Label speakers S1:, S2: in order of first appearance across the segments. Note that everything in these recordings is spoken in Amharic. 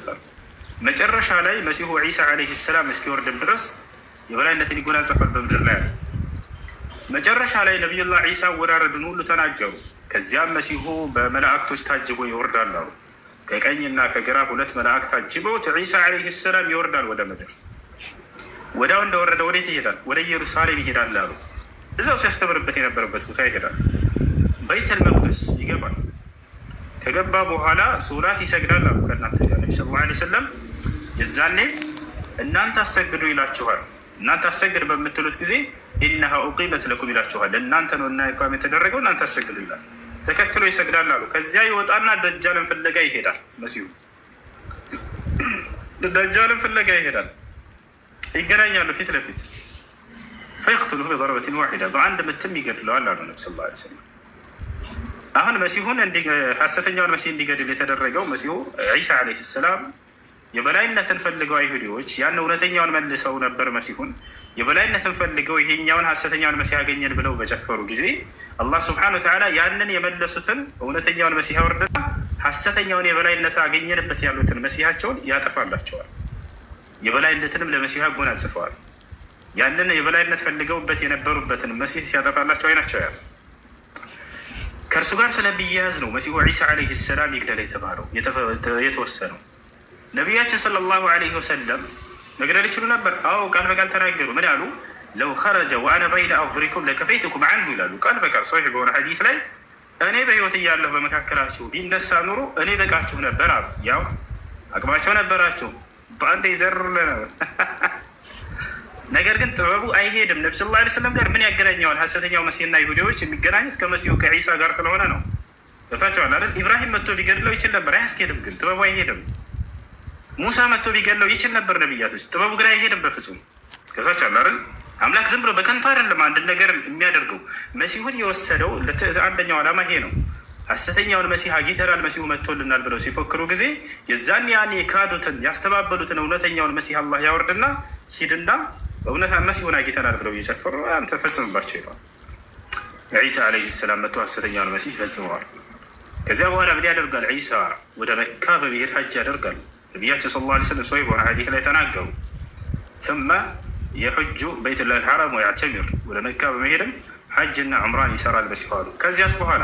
S1: ይገዙታል። መጨረሻ ላይ መሲሁ ዒሳ ዓለይሂ ሰላም እስኪወርድም ድረስ የበላይነትን ይጎናጸፋል በምድር ላይ ያለ። መጨረሻ ላይ ነቢዩላህ ዒሳ አወራረዱን ሁሉ ተናገሩ። ከዚያም መሲሁ በመላእክቶች ታጅቦ ይወርዳል አሉ። ከቀኝና ከግራ ሁለት መላእክት ታጅበውት ዒሳ ዓለይሂ ሰላም ይወርዳል ወደ ምድር። ወዲያው እንደወረደ ወዴት ይሄዳል? ወደ ኢየሩሳሌም ይሄዳል አሉ። እዛው ሲያስተምርበት የነበረበት ቦታ ይሄዳል። በይተል መቅደስ ይገባል። ከገባ በኋላ ሶላት ይሰግዳል አሉ ከእናንተ ጋር ነቢ ሰለላሁ ዐለይሂ ወሰለም። የዛኔ እናንተ አሰግዱ ይላችኋል። እናንተ አሰግድ በምትሉት ጊዜ ኢነሃ ኡቂመት ለኩም ይላችኋል። እናንተ ነው እና ቋም የተደረገው እናንተ አሰግዱ ይላል። ተከትሎ ይሰግዳል አሉ። ከዚያ ይወጣና ደጃልን ፍለጋ ይሄዳል። መሲሁ ደጃልን ፍለጋ ይሄዳል። ይገናኛሉ ፊት ለፊት ፈይቅትሉሁ ቢደረበትን ዋሂዳ በአንድ ምትም ይገድለዋል አሉ ነቢ ሰለላሁ ዐለይሂ ወሰለም አሁን መሲሁን ሐሰተኛውን መሲህ እንዲገድል የተደረገው መሲሁ ዒሳ ዓለይሂ ሰላም የበላይነትን ፈልገው አይሁዲዎች ያን እውነተኛውን መልሰው ነበር። መሲሁን የበላይነትን ፈልገው ይሄኛውን ሐሰተኛውን መሲህ አገኘን ብለው በጨፈሩ ጊዜ አላህ ስብሐነ ወተዓላ ያንን የመለሱትን እውነተኛውን መሲህ ያወርድና ሐሰተኛውን የበላይነት አገኘንበት ያሉትን መሲሃቸውን ያጠፋላቸዋል። የበላይነትንም ለመሲሁ አጎናጽፈዋል። ያንን የበላይነት ፈልገውበት የነበሩበትን መሲህ ሲያጠፋላቸው አይናቸው ያሉ ከእርሱ ጋር ስለሚያያዝ ነው መሲሁ ዒሳ ዓለይሂ ሰላም ይግደል የተባለው የተወሰነው። ነቢያችን ሰለላሁ ዓለይሂ ወሰለም መግደል ይችሉ ነበር። አዎ ቃል በቃል ተናገሩ። ምን አሉ? ለው ኸረጀ ወአነ በይነ አዝሪኩም ለከፈይቱኩም አንሁ ይላሉ። ቃል በቃል ሶሒሕ በሆነ ሐዲስ ላይ እኔ በህይወት እያለሁ በመካከላችሁ ቢነሳ ኑሮ እኔ በቃችሁ ነበር አሉ። ያው አቅማቸው ነበራቸው። በአንዴ ይዘሩልናል ነገር ግን ጥበቡ አይሄድም። ነቢ ስ ላ ስለም ጋር ምን ያገናኘዋል? ሀሰተኛው መሲህና ይሁዲዎች የሚገናኙት ከመሲሁ ከዒሳ ጋር ስለሆነ ነው። ገብታቸዋል አይደል? ኢብራሂም መጥቶ ቢገድለው ይችል ነበር፣ አያስኬድም። ግን ጥበቡ አይሄድም። ሙሳ መጥቶ ቢገድለው ይችል ነበር ነብያቶች። ጥበቡ ግን አይሄድም በፍጹም። ገብታቸዋል አይደል? አምላክ ዝም ብሎ በከንቱ አይደለም አንድ ነገር የሚያደርገው። መሲሁን የወሰደው አንደኛው ዓላማ ይሄ ነው። ሀሰተኛውን መሲህ አግኝተናል መሲሁ መጥቶልናል ብለው ሲፎክሩ ጊዜ የዛን ያኔ የካዱትን ያስተባበሉትን እውነተኛውን መሲህ አላህ ያወርድና ሂድና እውነት መሲሁን አግኝተናል ብለው እየጨፈሩ አንተ ፈጽምባቸው ይለዋል። ዒሳ ዓለይሂ ሰላም መቶ ሐሰተኛውን መሲህ ፈጽመዋል። ከዚያ በኋላ ምን ያደርጋል ዒሳ? ወደ መካ በመሄድ ሐጅ ያደርጋል። ነቢያችን ሰለላሁ ዓለይሂ ወሰለም ሶሒህ በሆነ ሐዲስ ላይ ተናገሩ። ثم የሑጁ በይትላሂ ልሐራም ወያዕተሚር ወደ መካ በመሄድም ሐጅና ዑምራን ይሰራል መሲሁ አሉ። ከዚያስ በኋላ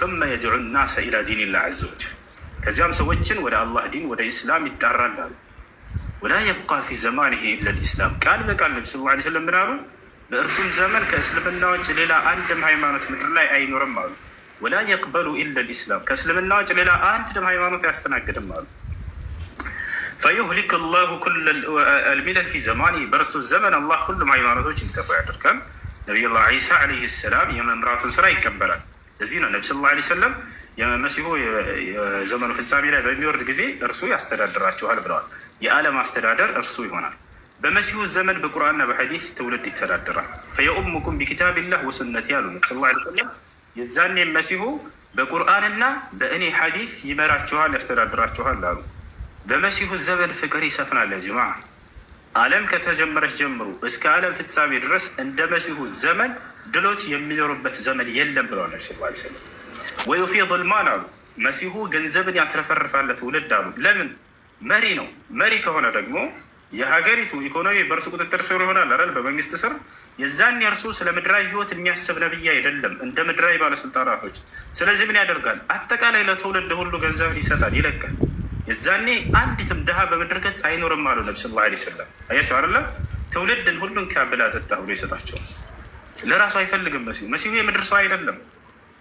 S1: ثم የድዑ ናሰ ኢላ ዲን ላ ዘ ወጀል ከዚያም ሰዎችን ወደ አላህ ዲን ወደ ኢስላም ይጣራል አሉ ወላ የብቃ ፊ ዘማኒሂ ኢለል ኢስላም ቃል በቃል ነቢ ሰለላሁ ዐለይሂ ወሰለም ምናሉ በእርሱም ዘመን ከእስልምና ውጭ ሌላ አንድም ሃይማኖት ምድር ላይ አይኖርም አሉ። ወላ የቅበሉ ኢለል ኢስላም ውጭ ሌላ አንድም ሃይማኖት አያስተናግድም አሉ። ፈዩህሊክ ላሁ አልሚለል ፊ ዘማኒ በእርሱ ዘመን አላህ ሁሉም ሃይማኖቶች እንዲጠፉ ያደርጋል። ነቢዩላህ ዒሳ ዐለይሂ ሰላም የመምራቱን ስራ ይቀበላል። ለዚህ ነው ነቢ ሰለላሁ ዐለይሂ ወሰለም የመሲሁ የዘመኑ ፍጻሜ ላይ በሚወርድ ጊዜ እርሱ ያስተዳድራችኋል ብለዋል። የዓለም አስተዳደር እርሱ ይሆናል። በመሲሁ ዘመን በቁርአንና በሐዲስ ትውልድ ይተዳደራል። ፈየኡሙኩም ቢኪታቢላህ ወሱነቲ ያሉ የዛኔ መሲሁ በቁርአንና በእኔ ሐዲስ ይመራችኋል፣ ያስተዳድራችኋል አሉ። በመሲሁ ዘመን ፍቅር ይሰፍናል። ጅማ ዓለም ከተጀመረች ጀምሮ እስከ ዓለም ፍጻሜ ድረስ እንደ መሲሁ ዘመን ድሎች የሚኖሩበት ዘመን የለም ብለዋል ነብ ስለ ሰለም ወዩፊድ ልማል አሉ መሲሁ ገንዘብን ያትረፈርፋል ለትውልድ አሉ። ለምን መሪ ነው። መሪ ከሆነ ደግሞ የሀገሪቱ ኢኮኖሚ በእርሱ ቁጥጥር ስር ይሆናል አይደል? በመንግስት ስር። የዛን የእርሱ ስለ ምድራዊ ህይወት የሚያስብ ነብይ አይደለም እንደ ምድራዊ ባለስልጣናቶች። ስለዚህ ምን ያደርጋል? አጠቃላይ ለትውልድ ሁሉ ገንዘብን ይሰጣል፣ ይለቃል። የዛኔ አንዲትም ድሃ በምድር ገጽ አይኖርም አሉ ነብስ ላ ሰለም። አያቸው አይደለም? ትውልድን ሁሉን ከብላ ጠጣ ብሎ ይሰጣቸዋል። ለራሱ አይፈልግም መሲሁ። መሲሁ የምድር ሰው አይደለም።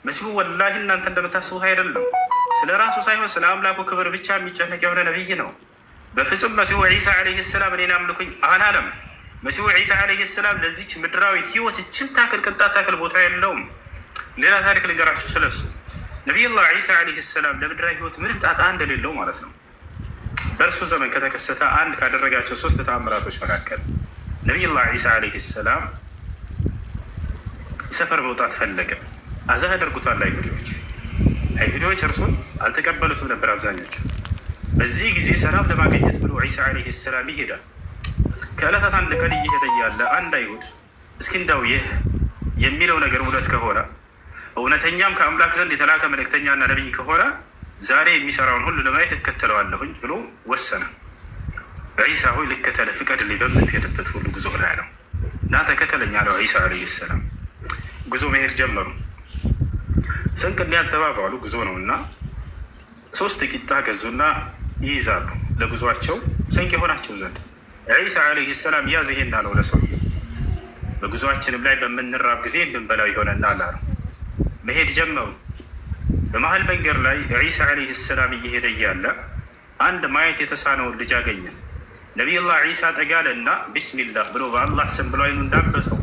S1: መሲሁ ወላሂ እናንተ እንደምታስቡት አይደለም። ስለ ራሱ ሳይሆን ስለ አምላኩ ክብር ብቻ የሚጨነቅ የሆነ ነቢይ ነው። በፍጹም መሲሁ ዒሳ ዓለይሂ ሰላም እኔን አምልኩኝ አላለም። መሲሁ ዒሳ ዓለይሂ ሰላም ለዚች ምድራዊ ህይወት እችን ታክል ቅንጣት ታክል ቦታ የለውም። ሌላ ታሪክ ልንገራችሁ ስለሱ። ነቢዩላህ ዒሳ ዓለይሂ ሰላም ለምድራዊ ህይወት ምንም ጣጣ እንደሌለው ማለት ነው። በእርሱ ዘመን ከተከሰተ አንድ ካደረጋቸው ሶስት ተአምራቶች መካከል ነቢዩላህ ዒሳ ዓለይሂ ሰላም ሰፈር መውጣት ፈለገ። አዛ ያደርጉታል አይሁዶች። አይሁዶች እርሱን አልተቀበሉትም ነበር አብዛኞቹ። በዚህ ጊዜ ሰላም ለማግኘት ብሎ ዒሳ ዓለይሂ ሰላም ይሄዳል። ከዕለታት አንድ ቀን እየሄደ እያለ አንድ አይሁድ እስኪ እንዳው ይህ የሚለው ነገር እውነት ከሆነ እውነተኛም ከአምላክ ዘንድ የተላከ መልእክተኛና ነቢይ ከሆነ ዛሬ የሚሰራውን ሁሉ ለማየት እከተለዋለሁኝ ብሎ ወሰነ። ዒሳ ሆይ ልከተለ ፍቀድ ላይ በምትሄድበት ሁሉ ጉዞ ላይ ነው እና ተከተለኝ አለው ዒሳ ዓለይሂ ሰላም። ጉዞ መሄድ ጀመሩ። ስንቅ እንዲያስተባባሉ ጉዞ ነው እና ሶስት ቂጣ ገዙና ይይዛሉ ለጉዟቸው ስንቅ የሆናቸው ዘንድ ዒሳ ዓለይሂ ሰላም ያዝ ይሄን አለው ለሰውዬው። በጉዟችንም ላይ በምንራብ ጊዜ እንድንበላው ይሆነና አላሉ። መሄድ ጀመሩ። በመሀል መንገድ ላይ ዒሳ ዓለይሂ ሰላም እየሄደ እያለ አንድ ማየት የተሳነውን ልጅ አገኘ። ነቢዩላህ ዒሳ ጠጋለና ቢስሚላህ ብሎ በአላህ ስም ብሎ አይኑ እንዳበሰው፣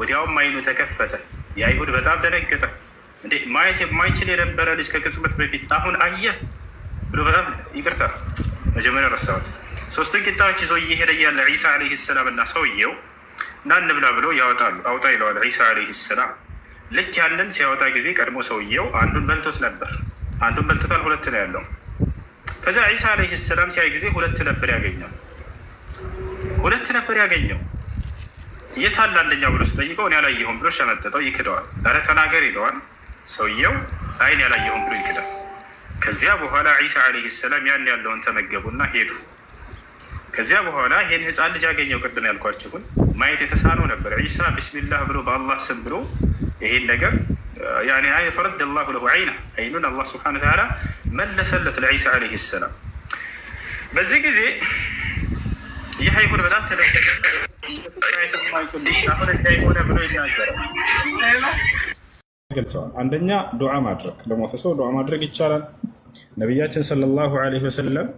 S1: ወዲያውም አይኑ ተከፈተ። የአይሁድ በጣም ደነገጠ። እንዴ ማየት የማይችል የነበረ ልጅ ከቅጽበት በፊት አሁን አየ ብሎ በጣም ይቅርታ መጀመሪያ ረሳሁት። ሶስቱን ቂጣዎች ይዞ እየሄደ እያለ ዒሳ ዓለይሂ ሰላም እና ሰውየው ና እንብላ ብለው ያወጣሉ። አውጣ ይለዋል ዒሳ ዓለይሂ ሰላም። ልክ ያንን ሲያወጣ ጊዜ ቀድሞ ሰውየው አንዱን በልቶት ነበር። አንዱን በልቶታል፣ ሁለት ነው ያለው። ከዛ ዒሳ ዓለይሂ ሰላም ሲያይ ጊዜ ሁለት ነበር ያገኘው፣ ሁለት ነበር ያገኘው። የት አለ አንደኛው ብሎ ስጠይቀው እኔ አላየሁም ብሎ ሸመጠጠው፣ ይክደዋል። ኧረ ተናገር ይለዋል ሰውየው አይን ያላየውን ብሎ ይክዳል። ከዚያ በኋላ ዒሳ ዓለይሂ ሰላም ያን ያለውን ተመገቡና ሄዱ። ከዚያ በኋላ ይህን ህፃን ልጅ ያገኘው ቅድም ያልኳችሁን ማየት የተሳነው ነበር። ዒሳ ቢስሚላህ ብሎ በአላህ ስም ብሎ ይህን ነገር ፈረድ ላሁ ለሁ ዓይና አይኑን አላህ ስብሐነሁ ወተዓላ መለሰለት ለዒሳ ዓለይሂ ሰላም። በዚህ ጊዜ ይህ አይሁድ በጣም ተደደቀ። ማይችል ብሎ ይናገራል ገልጸዋል። አንደኛ ዱዓ ማድረግ ለሞተ ሰው ዱዓ ማድረግ ይቻላል። ነቢያችን ሰለላሁ ዐለይሂ ወሰለም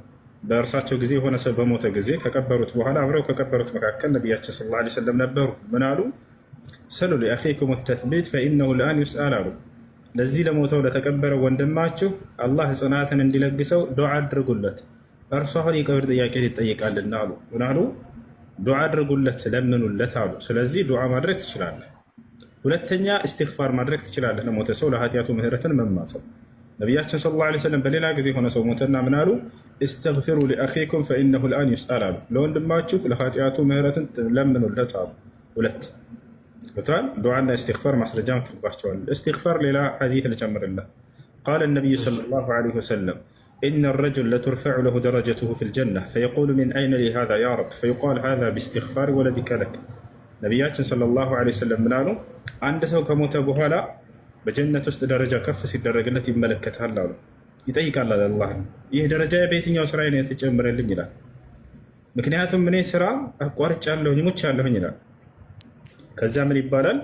S1: በእርሳቸው ጊዜ የሆነ ሰው በሞተ ጊዜ ከቀበሩት በኋላ አብረው ከቀበሩት መካከል ነቢያችን ሰለላሁ ዐለይሂ ወሰለም ነበሩ። ምን አሉ? ሰሉ ሊአኺኩም ተትቢት ፈኢነሁ ልአን ዩስአል አሉ። ለዚህ ለሞተው ለተቀበረው ወንድማችሁ አላህ ጽናትን እንዲለግሰው ዱዓ አድርጉለት፣ እርሱ አሁን የቀብር ጥያቄ ይጠይቃልና አሉ። ምን አሉ? ዱዓ አድርጉለት፣ ለምኑለት አሉ። ስለዚህ ዱዓ ማድረግ ትችላለህ። ሁለተኛ እስትግፋር ማድረግ ትችላለህ ለሞተ ሰው ለኃጢአቱ ምህረትን መማጸን። ነቢያችን ሰለላሁ ዓለይሂ ወሰለም በሌላ ጊዜ የሆነ ሰው ሞተና ምን አሉ? እስተግፊሩ ሊአኺኩም ፈኢነሁ ልአን ዩስአል አሉ። ለወንድማችሁ ለኃጢአቱ ምህረትን ለምኑለት አሉ። ሁለት ብቷል። ዱዓና እስትግፋር ማስረጃ መጥቶባቸዋል። እስትግፋር ሌላ ሐዲት ልጨምርልህ። ቃለ ነቢዩ ሰለላሁ ዓለይሂ ወሰለም إن الرجل لترفع له درجته في الجنة فيقول من أين لي هذا يا رب فيقال هذا باستغفار ነቢያችን ሰለላሁ ዐለይሂ ወሰለም ምናሉ አንድ ሰው ከሞተ በኋላ በጀነት ውስጥ ደረጃ ከፍ ሲደረግለት ይመለከታል አሉ። ይጠይቃል አላህ ይህ ደረጃ በየትኛው ስራ ነው የተጨምረልኝ? ይላል። ምክንያቱም እኔ ስራ አቋርጫለሁኝ ሙቻለሁኝ ይላል። ከዚያ ምን ይባላል?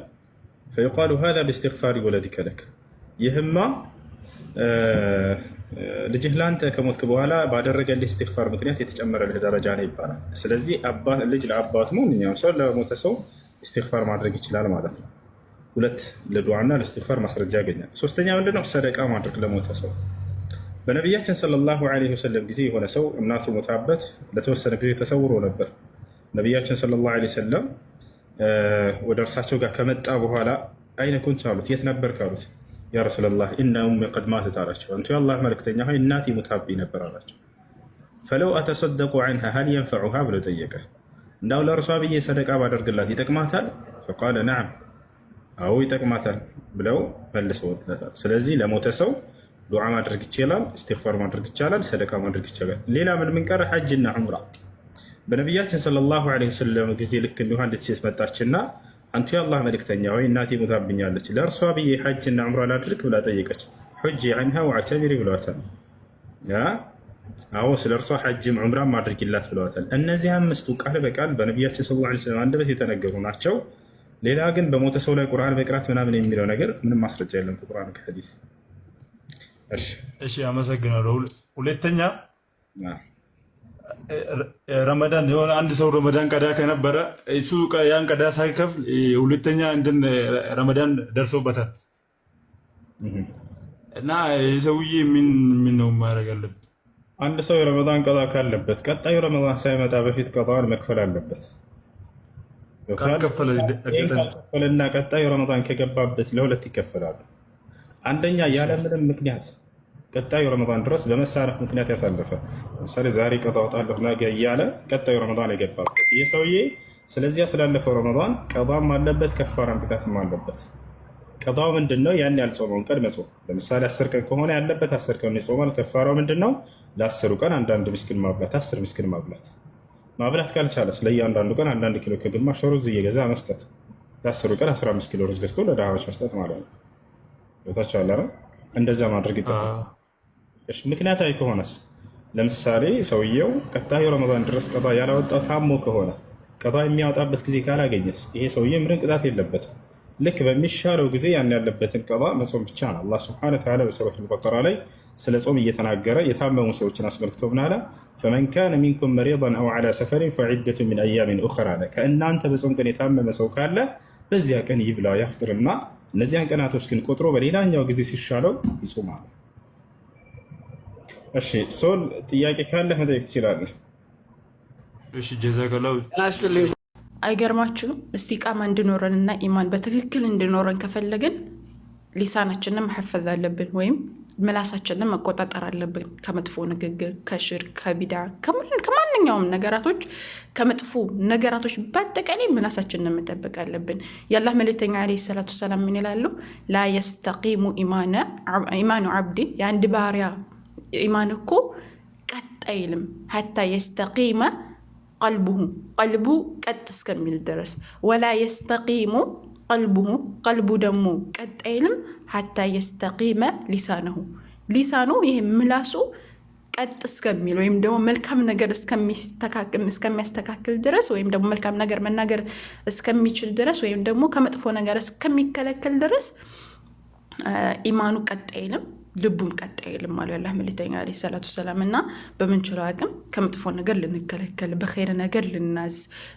S1: ፈይቃሉ ሀዛ ቢስቲግፋሪ ወለዲከ ለክ ይህማ ልጅህ ለአንተ ከሞትክ በኋላ ባደረገልህ እስትግፋር ምክንያት የተጨመረልህ ደረጃ ነው ይባላል። ስለዚህ ልጅ ለአባቱ ማንኛውም ሰው ለሞተ ሰው እስትግፋር ማድረግ ይችላል ማለት ነው። ሁለት ለዱዓና ለእስትግፋር ማስረጃ ያገኛል። ሶስተኛ ምንድነው? ሰደቃ ማድረግ ለሞተ ሰው። በነቢያችን ሰለላሁ ዐለይሂ ወሰለም ጊዜ የሆነ ሰው እናቱ ሞታበት ለተወሰነ ጊዜ ተሰውሮ ነበር። ነቢያችን ሰለላሁ ዐለይሂ ወሰለም ወደ እርሳቸው ጋር ከመጣ በኋላ አይነ ኩንት አሉት። የት ነበር ካሉት ያ ረሱላላህ ኢነ ኡሚ ቀድ ማተት አላቸው። አንቱ የአላህ መልእክተኛ ሆይ እናቴ ሙታብኝ ነበር አላቸው። ፈለው አተሰደቁ ዐንሃ ሀል የንፈዑሃ ብሎ ጠየቀ። እንዳው ለእርሷ ብዬ ሰደቃ ባደርግላት ይጠቅማታል? ፈቃለ ነዓም፣ አዎ ይጠቅማታል ብለው መልሰውለታል። ስለዚህ ለሞተ ሰው ዱዓ ማድረግ ይችላል፣ እስትግፋር ማድረግ ይቻላል፣ ሰደቃ ማድረግ ይቻላል። ሌላ ምን ምንቀር? ሐጅና ዑምራ። በነቢያችን ሰለላሁ ዐለይሂ ወሰለም ጊዜ ልክ እንዲሁ አንዲት ሴት መጣችና አንቱ የአላህ መልእክተኛ ወይ እናቴ ሞታብኛለች፣ ለእርሷ ብዬ ሐጅና ዑምራ ላድርግ ብላ ጠየቀች። ሑጂ ዐንሃ ወዕተሚሪ ብለዋታል። አዎ ስለ እርሷ ሐጅም ዑምራም አድርጊላት ብለዋታል። እነዚህ አምስቱ ቃል በቃል በነቢያችን ሰለላሁ ዐለይሂ ወሰለም አንደበት የተነገሩ ናቸው። ሌላ ግን በሞተ ሰው ላይ ቁርአን በቅራት ምናምን የሚለው ነገር ምንም ማስረጃ የለም ከቁርአን ከሐዲስ።
S2: እሺ አመሰግናለሁ። ሁለተኛ ረመዳን የሆነ አንድ ሰው ረመዳን ቀዳ ከነበረ እሱ ያን ቀዳ ሳይከፍል ሁለተኛ እንትን ረመዳን ደርሶበታል እና የሰውዬ ምን ምን ነው ማድረግ አለበት?
S1: አንድ ሰው የረመዳን ቀጣ ካለበት ቀጣዩ ረመዳን ሳይመጣ በፊት ቀጣዋን መክፈል አለበት። ካልከፈለና ቀጣዩ ረመዳን ከገባበት ለሁለት ይከፈላሉ። አንደኛ ያለምንም ምክንያት ቀጣዩ ረመዳን ድረስ በመሳነፍ ምክንያት ያሳለፈ ለምሳሌ ዛሬ ቀጣ ወጣለሁ ነገ እያለ ቀጣዩ ረመዳን የገባበት ይህ ሰውዬ ስለዚያ ስላለፈው ረመዳን ቀጣም አለበት፣ ከፋራም ቅጣትም አለበት። ቀጣው ምንድን ነው? ያን ያልጾመውን ቀን መጾም። ለምሳሌ አስር ቀን ከሆነ ያለበት አስር ቀን ይጾማል። ከፋራው ምንድን ነው? ለአስሩ ቀን አንዳንድ ምስኪን ማብላት፣ አስር ምስኪን ማብላት። ማብላት ካልቻለስ ለእያንዳንዱ ቀን አንዳንድ ኪሎ ከግማሽ ሩዝ እየገዛ መስጠት፣ ለአስሩ ቀን 15 ኪሎ ሩዝ ገዝቶ ለድሃዎች መስጠት ማለት ነው። ቦታቸው አለ ነው። እንደዛ ማድረግ ይጠቃል። ምክንያታዊ ከሆነስ ለምሳሌ ሰውየው ቀጣዩ ረመዳን ድረስ ቀጣ ያላወጣ ታሞ ከሆነ ቀጣ የሚያወጣበት ጊዜ ካላገኘስ ይሄ ሰውዬ ምንም ቅጣት የለበትም። ልክ በሚሻለው ጊዜ ያን ያለበትን ቀጣ መጾም ብቻ ነው። አላህ ስብሐነሁ ወተዓላ በሱረቱል በቀራ ላይ ስለ ጾም እየተናገረ የታመሙ ሰዎችን አስመልክቶ ምን አለ? ፈመን ካነ ሚንኩም መሪደን አው ዓላ ሰፈሪን ፈዒደቱ ሚን አያሚን ኡኽራ አለ። ከእናንተ በጾም ቀን የታመመ ሰው ካለ በዚያ ቀን ይብላ ያፍጥርና እነዚያን ቀናቶች ግን ቆጥሮ በሌላኛው ጊዜ ሲሻለው ይጾማል። እሺ ሶል ጥያቄ ካለ መጠየቅ ትችላለህ።
S2: እሺ ጀዛከላሁ።
S3: አይገርማችሁም? እስቲቃማ እንድኖረን እና ኢማን በትክክል እንድኖረን ከፈለግን ሊሳናችንን መሐፈዝ አለብን፣ ወይም ምላሳችንን መቆጣጠር አለብን። ከመጥፎ ንግግር፣ ከሽር ከቢዳ፣ ከማንኛውም ነገራቶች፣ ከመጥፎ ነገራቶች በአጠቃላይ ምላሳችንን መጠበቅ አለብን። የአላህ መልእክተኛ ዓለይሂ ሰላቱ ሰላም ምን ይላሉ? ላ የስተቂሙ ኢማኑ ዓብዲን የአንድ ባህሪያ ኢማን እኮ ቀጥ አይልም ሀታ የስተቂመ ቀልቡሁ ቀልቡ ቀጥ እስከሚል ድረስ ወላ የስተቂሙ ቀልቡሁ ቀልቡ ደግሞ ቀጥ አይልም ሀታ የስተቂመ ሊሳነሁ ሊሳኑ ይህ ምላሱ ቀጥ እስከሚል ወይም ደግሞ መልካም ነገር እስከሚያስተካክል ድረስ ወይም ደግሞ መልካም ነገር መናገር እስከሚችል ድረስ ወይም ደግሞ ከመጥፎ ነገር እስከሚከለከል ድረስ ኢማኑ ቀጥ አይልም። ልቡም ቀጥ አይልም አሉ ያላ መልእክተኛ ዓለይሂ ሰላቱ ሰላም። እና በምንችለው አቅም ከመጥፎ ነገር ልንከለከል፣ በኸይር ነገር ልናዝ፣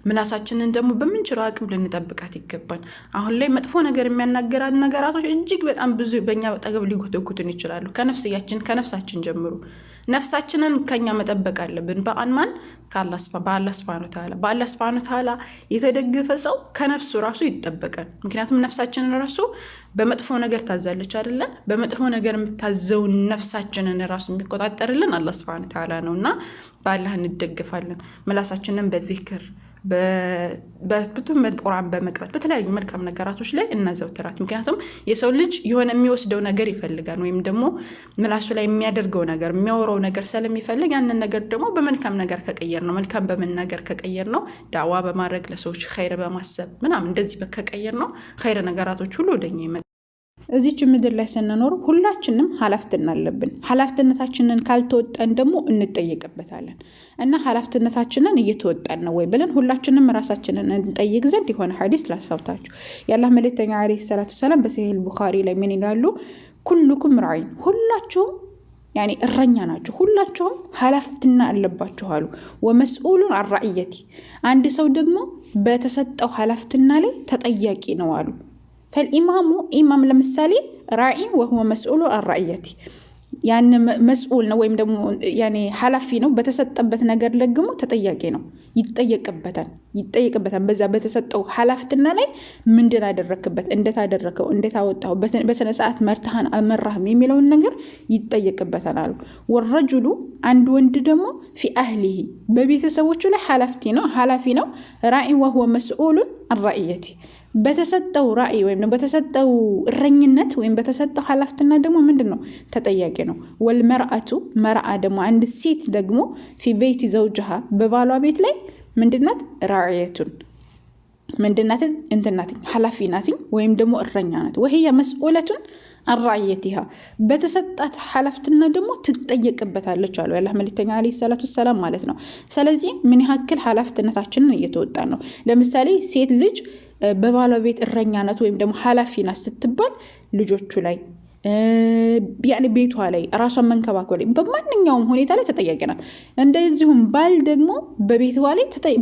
S3: ምላሳችንን ደግሞ በምንችለው አቅም ልንጠብቃት ይገባል። አሁን ላይ መጥፎ ነገር የሚያናገራት ነገራቶች እጅግ በጣም ብዙ በእኛ ጠገብ ሊጎተጉትን ይችላሉ። ከነፍስያችን ከነፍሳችን ጀምሩ ነፍሳችንን ከኛ መጠበቅ አለብን። በአንማን በአላህ ስብሐኑ ተዓላ በአላ ስብሐኑ ተዓላ የተደገፈ ሰው ከነፍሱ ራሱ ይጠበቃል። ምክንያቱም ነፍሳችንን ራሱ በመጥፎ ነገር ታዛለች አይደለ? በመጥፎ ነገር የምታዘውን ነፍሳችንን ራሱ የሚቆጣጠርልን አላ ስብሐኑ ተዓላ ነው እና በአላህ እንደገፋለን። ምላሳችንን በዚክር በብቱ ቁርአን በመቅረት በተለያዩ መልካም ነገራቶች ላይ እናዘውትራት። ምክንያቱም የሰው ልጅ የሆነ የሚወስደው ነገር ይፈልጋል፣ ወይም ደግሞ ምላሱ ላይ የሚያደርገው ነገር የሚያወራው ነገር ስለሚፈልግ ያንን ነገር ደግሞ በመልካም ነገር ከቀየር ነው መልካም በመናገር ከቀየር ነው ዳዋ በማድረግ ለሰዎች ኸይር በማሰብ ምናምን እንደዚህ ከቀየር ነው ኸይር ነገራቶች ሁሉ ወደኛ ይመጣል። እዚች ምድር ላይ ስንኖር ሁላችንም ኃላፊነት አለብን። ኃላፊነታችንን ካልተወጣን ደግሞ እንጠየቅበታለን እና ኃላፊነታችንን እየተወጣን ነው ወይ ብለን ሁላችንም ራሳችንን እንጠይቅ ዘንድ የሆነ ሐዲስ ላሳውታችሁ። የአላህ መልእክተኛ ዓለይሂ ሰላቱ ሰላም በሰሂህ ቡኻሪ ላይ ምን ይላሉ? ኩሉኩም ራዒን ሁላችሁም ያኔ እረኛ ናችሁ፣ ሁላችሁም ኃላፊነት አለባችሁ አሉ። ወመስኡሉን አራእየቲ አንድ ሰው ደግሞ በተሰጠው ኃላፊነት ላይ ተጠያቂ ነው አሉ። ፈልኢማሙ ኢማም ለምሳሌ ራኢ ወሁወ መስኡሉ አራእየቲ ያን መስኡል ነው ወይም ደግሞ ያኔ ኃላፊ ነው። በተሰጠበት ነገር ደግሞ ተጠያቂ ነው፣ ይጠየቅበታል ይጠየቅበታል። በዛ በተሰጠው ሀላፍትና ላይ ምንድን አደረክበት፣ እንዴት አደረከው፣ እንዴት አወጣው፣ በስነ ሰዓት መርታህን አልመራህም የሚለውን ነገር ይጠየቅበታል አሉ። ወረጁሉ አንድ ወንድ ደግሞ ፊ አህሊሂ በቤተሰቦቹ ላይ ኃላፊ ነው ኃላፊ ነው ራኢን ወሁወ መስኡሉን አራእየቲ በተሰጠው ራዕይ ወይም በተሰጠው እረኝነት ወይም በተሰጠው ኃላፊነት ደግሞ ምንድን ነው ተጠያቂ ነው። ወልመርአቱ መርአ ደግሞ አንድ ሴት ደግሞ ፊ ቤት ዘውጅሃ በባሏ ቤት ላይ ምንድናት ራዕየቱን ምንድናትን እንትናትኝ ኃላፊ ናትኝ ወይም ደግሞ እረኛ ናት። ወህያ መስኦለቱን አራየቲሃ በተሰጣት ሀላፍትና ደግሞ ትጠየቅበታለች አሉ ያላ መልክተኛ ለ ሰላት ሰላም ማለት ነው። ስለዚህ ምን ያክል ሀላፍትነታችንን እየተወጣ ነው? ለምሳሌ ሴት ልጅ በባለቤት እረኛነት ወይም ደግሞ ኃላፊ ናት ስትባል ልጆቹ ላይ ያኔ ቤቷ ላይ ራሷን መንከባከብ ላይ በማንኛውም ሁኔታ ላይ ተጠያቂ ናት። እንደዚሁም ባል ደግሞ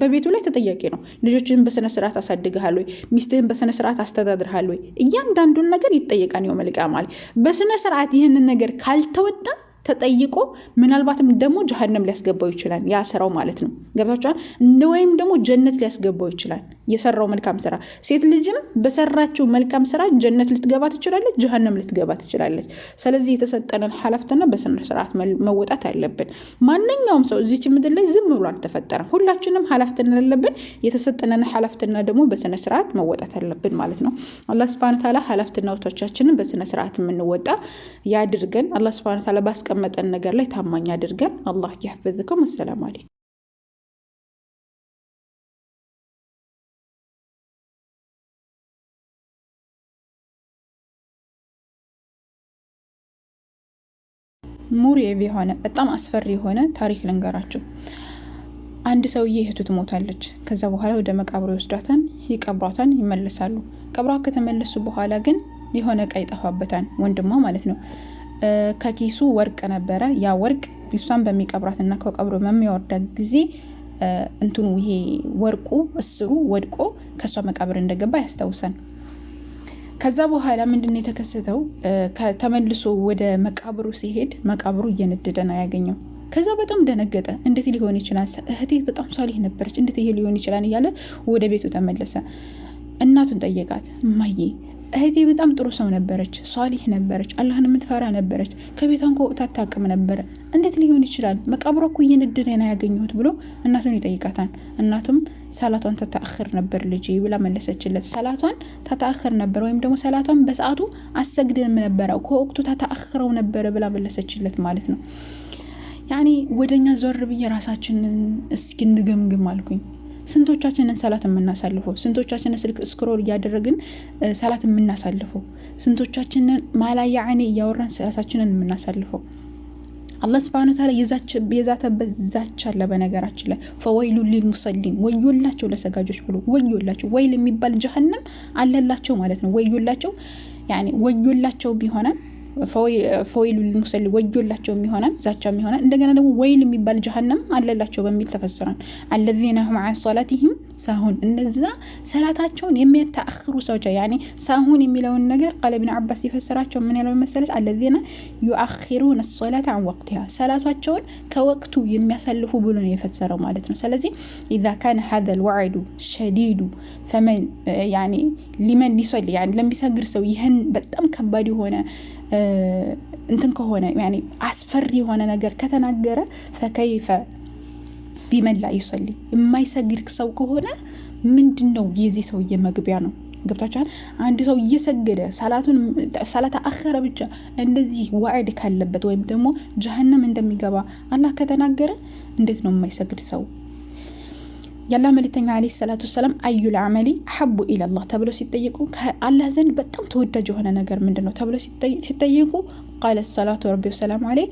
S3: በቤቱ ላይ ተጠያቂ ነው። ልጆችህን በስነስርዓት አሳድግሃል ወይ፣ ሚስትህን በስነስርዓት አስተዳድርሃል ወይ፣ እያንዳንዱን ነገር ይጠየቃል። ነው መልቃ ማለት በስነስርዓት ይህንን ነገር ካልተወጣ ተጠይቆ ምናልባትም ደግሞ ጀሀነም ሊያስገባው ይችላል። ያ ስራው ማለት ነው። ገብታችኋል? ወይም ደግሞ ጀነት ሊያስገባው ይችላል። የሰራው መልካም ስራ። ሴት ልጅም በሰራችው መልካም ስራ ጀነት ልትገባ ትችላለች፣ ጀሃነም ልትገባ ትችላለች። ስለዚህ የተሰጠንን ሀላፊትና በስነ ስርዓት መወጣት አለብን። ማንኛውም ሰው እዚች ምድር ላይ ዝም ብሎ አልተፈጠረም። ሁላችንም ሀላፊትና አለብን። የተሰጠንን ሀላፊትና ደግሞ በስነ ስርዓት መወጣት አለብን ማለት ነው። አላህ ስብሐነሁ ተዓላ ሀላፊነቶቻችንን በስነ ስርዓት የምንወጣ ያድርገን። አላህ ስብሐነሁ ተዓላ ባስቀመጠን ነገር ላይ ታማኝ አድርገን። አላህ ያህፍዝኩም። አሰላሙ አለይኩም ሙሪቭ የሆነ በጣም አስፈሪ የሆነ ታሪክ ልንገራችሁ። አንድ ሰውዬ እህቱ ትሞታለች። ከዛ በኋላ ወደ መቃብሩ ይወስዷታን፣ ይቀብሯታን፣ ይመለሳሉ። ቀብሯ ከተመለሱ በኋላ ግን የሆነ እቃ ይጠፋበታል፣ ወንድሟ ማለት ነው። ከኪሱ ወርቅ ነበረ። ያ ወርቅ እሷን በሚቀብራትና ከቀብሮ በሚያወርዳት ጊዜ እንትኑ ይሄ ወርቁ እስሩ ወድቆ ከእሷ መቃብር እንደገባ ያስታውሳል። ከዛ በኋላ ምንድን የተከሰተው? ተመልሶ ወደ መቃብሩ ሲሄድ መቃብሩ እየነደደ ነው ያገኘው። ከዛ በጣም ደነገጠ። እንዴት ሊሆን ይችላል? እህቴ በጣም ሳሊህ ነበረች፣ እንዴት ይሄ ሊሆን ይችላል? እያለ ወደ ቤቱ ተመለሰ። እናቱን ጠየቃት። እማዬ እህቴ በጣም ጥሩ ሰው ነበረች፣ ሷሊህ ነበረች፣ አላህን የምትፈራ ነበረች። ከቤቷ እንኳ ወጥታ አታውቅም ነበረ። እንዴት ሊሆን ይችላል? መቃብሯ እኮ እየነደደ ነው ያገኘሁት ብሎ እናቱን ይጠይቃታል። እናቱም ሰላቷን ተታአኽር ነበር ልጅ ብላ መለሰችለት። ሰላቷን ተታአኽር ነበር ወይም ደግሞ ሰላቷን በሰዓቱ አሰግድም ነበረ ከወቅቱ ተታአኽረው ነበረ ብላ መለሰችለት ማለት ነው። ያኔ ወደኛ ዞር ብዬ ራሳችንን እስኪ እንገምግም አልኩኝ። ስንቶቻችንን ሰላት የምናሳልፈው? ስንቶቻችንን ስልክ ስክሮል እያደረግን ሰላት የምናሳልፈው? ስንቶቻችንን ማላያዕኔ እያወራን ሰላታችንን የምናሳልፈው? አላህ ስብሐነ ወተዓላ የዛተበት ዛቻ አለ። በነገራችን ላይ ፈወይሉ ሊል ሙሰሊን ወዮላቸው ለሰጋጆች ብሎ ወዮላቸው። ወይል የሚባል ጀሀነም አለላቸው ማለት ነው። ወዮላቸው ያኔ ወዮላቸው ቢሆንም ፈወይሉ ልንውሰል ወዮላቸው የሚሆነን ዛቻ የሚሆነን እንደገና ደግሞ ወይል የሚባል ጀሀነም አለላቸው በሚል ተፈስሯል። አለዚነ ሁም አን ሶላቲህም ሳሁን እነዛ ሰላታቸውን የሚያታአኽሩ ሰዎች ያኔ ሳሁን የሚለውን ነገር ቃል ብን አባስ ሲፈስራቸው ምን ያለው መሰለች አለዚነ ዩአኪሩን ሶላት አን ወቅትያ ሰላቷቸውን ከወቅቱ የሚያሳልፉ ብሎ ነው የፈሰረው ማለት ነው። ስለዚህ ኢዛ ካነ ሀዘ ልዋዕዱ ሸዲዱ ፈመን ሊመን ሊሶል ለሚሰግር ሰው ይህን በጣም ከባድ የሆነ እንትን ከሆነ አስፈሪ የሆነ ነገር ከተናገረ ፈከይፈ ቢመላ ይሰል የማይሰግድ ሰው ከሆነ ምንድን ነው የዚህ ሰውዬ መግቢያ ነው? ገብታችኋል? አንድ ሰው እየሰገደ ሰላቱን ሰላታ አኸረ ብቻ እንደዚህ ዋዕድ ካለበት ወይም ደግሞ ጀሀነም እንደሚገባ አላህ ከተናገረ እንዴት ነው የማይሰግድ ሰው የአላህ መልእክተኛ ዓለይሂ ሰላቱ ወሰላም አዩል አመሊ አሐቡ ኢለላህ ተብሎ ሲጠየቁ ከአላህ ዘንድ በጣም ተወዳጅ የሆነ ነገር ምንድን ነው ተብሎ ሲጠየቁ ቃለ ሰላቱ ረቢ ወሰላሙ አለይህ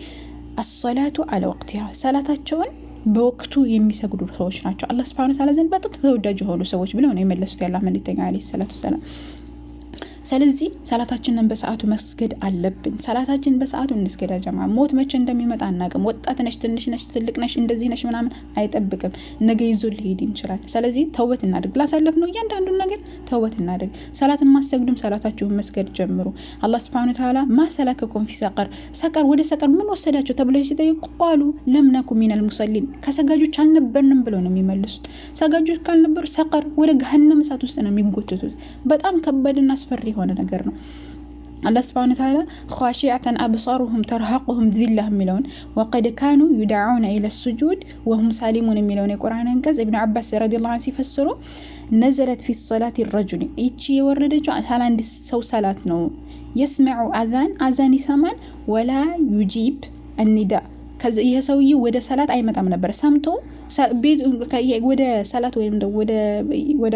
S3: አሰላቱ አለ ወቅቲሃ ሰላታቸውን በወቅቱ የሚሰግዱ ሰዎች ናቸው። አላህ ስብሃነ ወተዓላ ዘንድ በጣም ተወዳጅ የሆኑ ሰዎች ብለው ነው የመለሱት የአላህ መልእክተኛ ዓለይሂ ሰላቱ ወሰላም። ስለዚህ ሰላታችንን በሰዓቱ መስገድ አለብን። ሰላታችንን በሰዓቱ እንስገዳ። ጀማ ሞት መቼ እንደሚመጣ አናቅም። ወጣት ነሽ፣ ትንሽ ነሽ፣ ትልቅ ነሽ፣ እንደዚህ ነሽ ምናምን አይጠብቅም። ነገ ይዞ ሊሄድ ይችላል። ስለዚህ ተውበት እናድርግ። ላሳለፍ ነው እያንዳንዱን ነገር ተውበት እናድርግ። ሰላትን ማሰግዱም ሰላታችሁን መስገድ ጀምሩ። አላህ ስብሃነ ተዓላ ማሰለከኩም ፊ ሰቀር፣ ሰቀር ወደ ሰቀር ምን ወሰዳቸው ተብሎ ሲጠይቁ ቋሉ ለምነኩ ነኩ ሚነል ሙሰሊን፣ ከሰጋጆች አልነበርንም ብለው ነው የሚመልሱት። ሰጋጆች ካልነበሩ ሰቀር ወደ ገሀነም እሳት ውስጥ ነው የሚጎትቱት። በጣም ከባድና አስፈሪ የሆነ ነገር ነው። አላህ ስብሃነ ወተዓላ ኻሺዐተን አብሳሩሁም ተርሐቁሁም ዚላ የሚለውን ወቀድ ካኑ ዩዳዑነ ኢለ ሱጁድ ወሁም ሳሊሙን የሚለውን የቁርአን አንቀጽ ኢብኑ አባስ ረዲየላሁ ዐንሁ ሲፈስሩ ነዘለት ፊ ሶላት ረጁል ይቺ የወረደችው አንድ ሰው ሰላት ነው። የስመዑ አዛን አዛን ይሰማል፣ ወላ ዩጂብ እኒዳ ይህ ሰውዬ ወደ ሰላት አይመጣም ነበር ሰምቶ ወደ ሰላት ወይም ወደ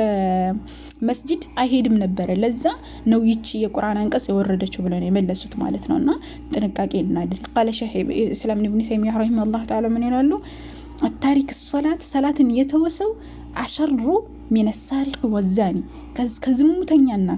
S3: መስጅድ አይሄድም ነበረ። ለዛ ነው ይቺ የቁርአን አንቀጽ የወረደችው ብለን የመለሱት ማለት ነው። እና ጥንቃቄ እናድርግ። ቃለ ሸህ ኢስላም ብኒ ተይሚያ ረሂመሁላህ ተዓላ ምን ይላሉ? አታሪክ ሰላት ሰላትን የተወሰው አሸሩ ሚነሳሪቅ ወዛኒ ከዝሙተኛና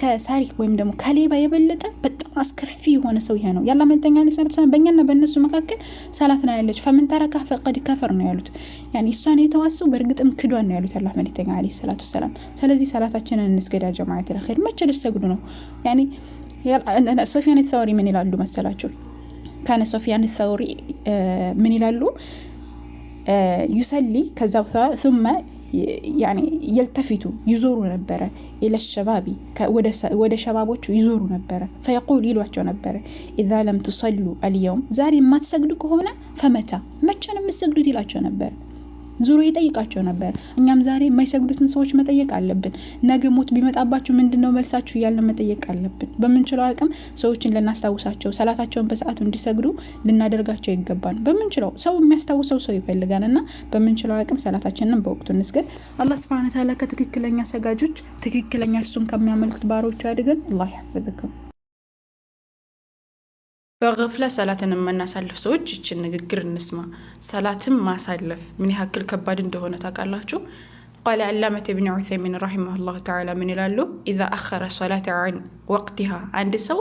S3: ከሳሪክ ወይም ደግሞ ከሌባ የበለጠ በጣም አስከፊ የሆነ ሰው ይሄ ነው። ያላ መልተኛ ሊሰነ በእኛና በእነሱ መካከል ሰላት ነው ያለች ፈምን ተረካ ፈቀድ ከፈር ነው ያሉት። ያኔ እሷን የተዋሰው በእርግጥም ክዷን ነው ያሉት ያላ መልተኛ አለ ሰላት ሰላም። ስለዚህ ሰላታችንን እንስገዳጀ ማለት ለኸይር መቼ ልሰግዱ ነው? ያኔ ሶፊያን ተሳውሪ ምን ይላሉ መሰላቸው? ካነ ሶፊያን ተሳውሪ ምን ይላሉ? ዩሰሊ ከዛው ثم የልተፊቱ ይዞሩ ነበረ ኢለሸባቢ ወደ ሸባቦቹ ይዞሩ ነበረ። ፈየቁል ይሏቸው ነበረ ኢዛ ለም ትሰሉ አልየውም ዛሬ የማትሰግዱ ከሆነ ፈመታ መቼ ነው የምትሰግዱት ይላቸው ነበር ዙሮ ይጠይቃቸው ነበር። እኛም ዛሬ የማይሰግዱትን ሰዎች መጠየቅ አለብን። ነገ ሞት ቢመጣባችሁ ምንድን ነው መልሳችሁ እያለን መጠየቅ አለብን። በምንችለው አቅም ሰዎችን ልናስታውሳቸው፣ ሰላታቸውን በሰዓቱ እንዲሰግዱ ልናደርጋቸው ይገባል። በምንችለው ሰው የሚያስታውሰው ሰው ይፈልጋል እና በምንችለው አቅም ሰላታችንን በወቅቱ እንስገድ። አላህ ስብሃነ ተዓላ ከትክክለኛ ሰጋጆች፣ ትክክለኛ እሱን ከሚያመልኩት ባሮቹ አድገን አላህ ያፈዘከም በገፍላ ሰላትን የምናሳልፍ ሰዎች ይችን ንግግር እንስማ። ሰላትን ማሳለፍ ምን ያክል ከባድ እንደሆነ ታውቃላችሁ? ቃለ አላመት ብን ዑሰይሚን ረሒማሁ ተዓላ ምን ይላሉ? ኢዛ አኸረ ሶላተ ዐን ወቅቲሃ አንድ ሰው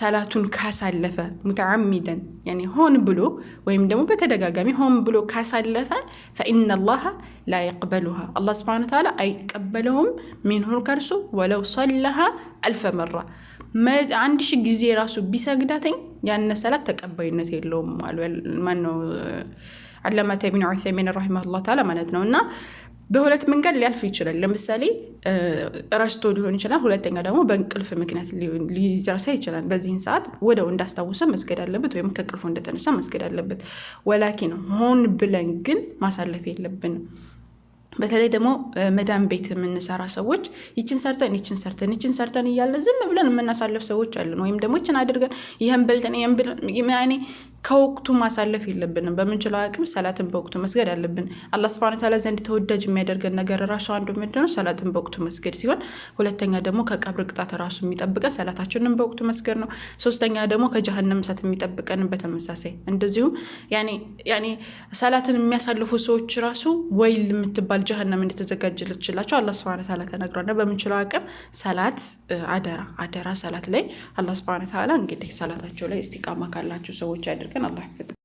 S3: ሰላቱን ካሳለፈ ሙተዓሚደን ያኔ ሆን ብሎ ወይም ደግሞ በተደጋጋሚ ሆን ብሎ ካሳለፈ ፈኢነ ላሀ ላ የቅበሉሃ አላህ ስብሓነ ተዓላ አይቀበለውም። ሚንሁ ከርሱ ወለው ሰለሃ አልፈ መራ አንድ ሺ ጊዜ ራሱ ቢሰግዳተኝ ያነሰላት ሰላት ተቀባይነት የለውም አሉ። ማነው አለማት ብን ዑሰይሚን ረሂመሁላህ ተዓላ ማለት ነው። እና በሁለት መንገድ ሊያልፍ ይችላል። ለምሳሌ ረስቶ ሊሆን ይችላል። ሁለተኛ ደግሞ በእንቅልፍ ምክንያት ሊደርሳ ይችላል። በዚህን ሰዓት ወደው እንዳስታወሰ መስገድ አለበት፣ ወይም ከእንቅልፉ እንደተነሳ መስገድ አለበት። ወላኪን ሆን ብለን ግን ማሳለፍ የለብንም። በተለይ ደግሞ መዳን ቤት የምንሰራ ሰዎች ይችን ሰርተን ይችን ሰርተን ይችን ሰርተን እያለ ዝም ብለን የምናሳለፍ ሰዎች አለን። ወይም ደግሞ ይችን አድርገን ይህን በልተን ከወቅቱ ማሳለፍ የለብንም። በምንችለው አቅም ሰላትን በወቅቱ መስገድ አለብን። አላህ ሱብሃነሁ ወተዓላ ዘንድ ተወዳጅ የሚያደርገን ነገር ራሱ አንዱ ምንድነው? ሰላትን በወቅቱ መስገድ ሲሆን፣ ሁለተኛ ደግሞ ከቀብር ቅጣት ራሱ የሚጠብቀን ሰላታችንን በወቅቱ መስገድ ነው። ሶስተኛ ደግሞ ከጀሃነም እሳት የሚጠብቀን በተመሳሳይ እንደዚሁም ያኔ ሰላትን የሚያሳልፉ ሰዎች ራሱ ወይል የምትባል ጀሃነም እንደተዘጋጀለችላቸው አላህ ሱብሃነሁ ወተዓላ ተነግሯል። በምንችለው አቅም ሰላት አደራ አደራ ሰላት ላይ አላህ ሱብሃነሁ ወተዓላ እንግዲህ ሰላታቸው ላይ እስቲቃማ ካላቸው ሰዎች ያደርግ كان الله يحفظك